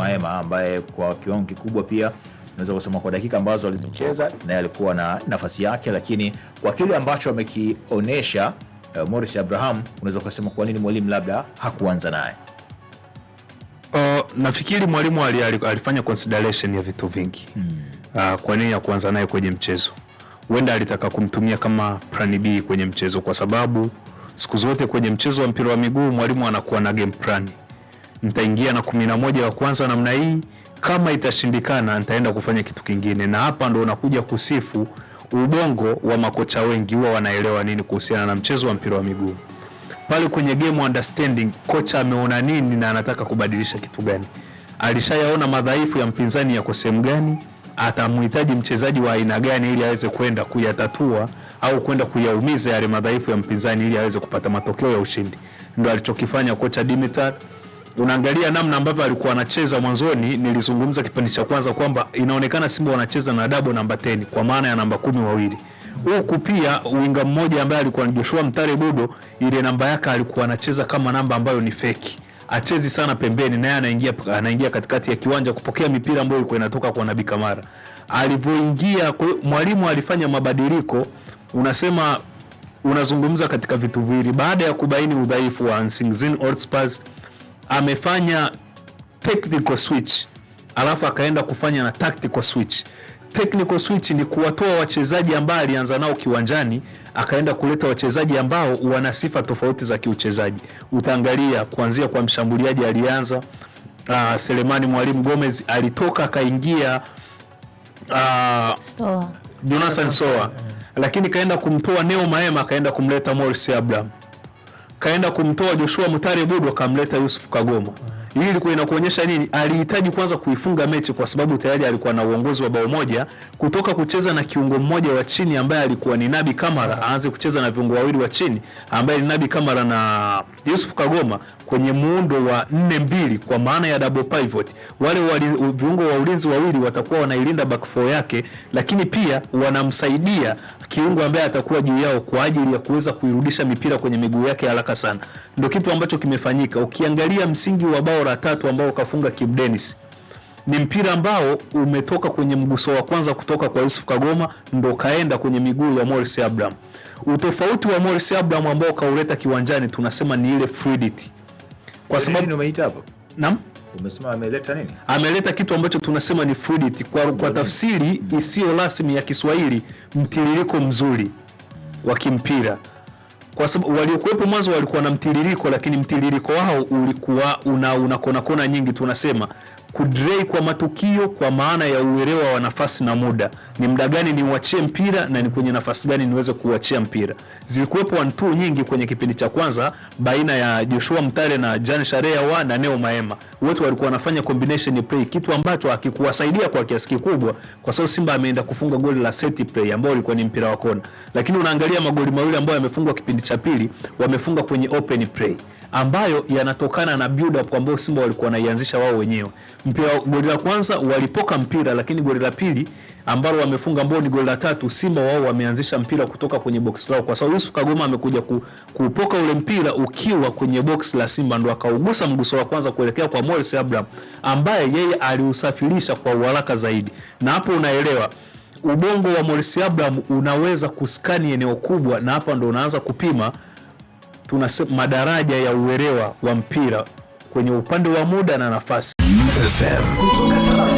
Maema ambaye kwa kiwango kikubwa pia naweza kusema kwa dakika ambazo alizicheza naye alikuwa na nafasi yake, lakini kwa kile ambacho amekionyesha uh, Morris Abraham, unaweza kusema kwa nini mwalimu labda hakuanza naye. Uh, nafikiri mwalimu alifanya consideration ya vitu vingi hmm. Uh, kwa nini ya kuanza naye kwenye mchezo, huenda alitaka kumtumia kama plan B kwenye mchezo, kwa sababu siku zote kwenye mchezo wa mpira wa miguu mwalimu anakuwa na game plan nitaingia na kumi na moja wa kwanza namna hii. Kama itashindikana, nitaenda kufanya kitu kingine, na hapa ndo unakuja kusifu ubongo wa makocha wengi huwa wanaelewa nini kuhusiana na mchezo wa mpira wa miguu. Pale kwenye game understanding, kocha ameona nini na anataka kubadilisha kitu gani? Alishayaona madhaifu ya mpinzani yako sehemu gani, atamhitaji mchezaji wa aina gani ili aweze kwenda kuyatatua au kwenda kuyaumiza yale madhaifu ya mpinzani ili aweze kupata matokeo ya ushindi. Ndo alichokifanya kocha Dimitar unaangalia namna ambavyo alikuwa anacheza mwanzoni. Nilizungumza kipindi cha kwanza kwamba inaonekana Simba wanacheza na dabo namba 10 kwa maana ya namba kumi wawili huku pia winga mmoja ambaye alikuwa ni Joshua Mtare Budo, ile namba yake alikuwa anacheza kama namba ambayo ni feki, achezi sana pembeni, naye anaingia anaingia katikati ya kiwanja kupokea mipira ambayo ilikuwa inatoka kwa Nabi Kamara. Alivyoingia mwalimu alifanya mabadiliko, unasema unazungumza katika vitu viwili, baada ya kubaini udhaifu wa Singizin Hotspurs amefanya technical switch alafu akaenda kufanya na tactical switch. Technical switch ni kuwatoa wachezaji ambao alianza nao kiwanjani akaenda kuleta wachezaji ambao wana sifa tofauti za kiuchezaji. Utaangalia kuanzia kwa mshambuliaji alianza uh, Selemani Mwalimu Gomez alitoka akaingia uh, Jonathan Soa, lakini kaenda kumtoa Neo Maema akaenda kumleta Morris Abraham kaenda kumtoa Joshua Mutare Budu akamleta Yusuf Kagoma. Hii ilikuwa inakuonyesha nini? Alihitaji kwanza kuifunga mechi kwa sababu tayari alikuwa na uongozi wa bao moja kutoka kucheza na kiungo mmoja wa chini ambaye alikuwa ni Nabi Kamara, aanze kucheza na viungo wawili wa chini ambaye ni Nabi Kamara na Yusuf Kagoma kwenye muundo wa nne mbili, kwa maana ya double pivot. Wale wali, viungo wa ulinzi wawili watakuwa wanailinda back four yake, lakini pia wanamsaidia kiungo ambaye atakuwa juu yao kwa ajili ya kuweza kuirudisha mipira kwenye miguu yake haraka sana. Ndio kitu ambacho kimefanyika. Ukiangalia msingi wa bao bao la tatu ambao ukafunga Kibu Dennis ni mpira ambao umetoka kwenye mguso wa kwanza kutoka kwa Yusuf Kagoma ndo kaenda kwenye miguu ya Morris Abraham. Utofauti wa Morris Abraham ambao kauleta kiwanjani tunasema ni ile fluidity, kwa sababu umeita hapo, naam, umesema ameleta nini? Ameleta kitu ambacho tunasema ni fluidity kwa, kwa tafsiri isiyo rasmi ya Kiswahili, mtiririko mzuri wa kimpira kwa sababu waliokuwepo mwanzo walikuwa na mtiririko, lakini mtiririko wao ulikuwa una, una kona kona nyingi tunasema kudrei kwa matukio kwa maana ya uelewa wa nafasi na muda, ni muda gani niuachie mpira na ni kwenye nafasi gani niweze kuuachia mpira. Zilikuwepo antu nyingi kwenye kipindi cha kwanza baina ya Joshua Mtare na Jan Sharea wa na Neo Maema, wote walikuwa wanafanya combination play, kitu ambacho hakikuwasaidia kwa kiasi kikubwa, kwa sababu Simba ameenda kufunga goli la set play ambao ulikuwa ni mpira wa kona, lakini unaangalia magoli mawili ambayo yamefungwa kipindi cha pili, wamefunga kwenye open play ambayo yanatokana na build up ambayo Simba walikuwa wanaianzisha wao wenyewe mpira goli la kwanza walipoka mpira, lakini goli la pili ambalo wamefunga ambao ni goli la tatu, Simba wao wameanzisha mpira kutoka kwenye box lao, kwa sababu Yusuf Kagoma amekuja ku, kupoka ule mpira ukiwa kwenye box la Simba, ndo akaugusa mguso wa kwanza kuelekea kwa Morris Abraham ambaye yeye aliusafirisha kwa uharaka zaidi, na hapo unaelewa ubongo wa Morris Abraham unaweza kuskani eneo kubwa, na hapa ndo unaanza kupima tuna madaraja ya uelewa wa mpira kwenye upande wa muda na nafasi. FM.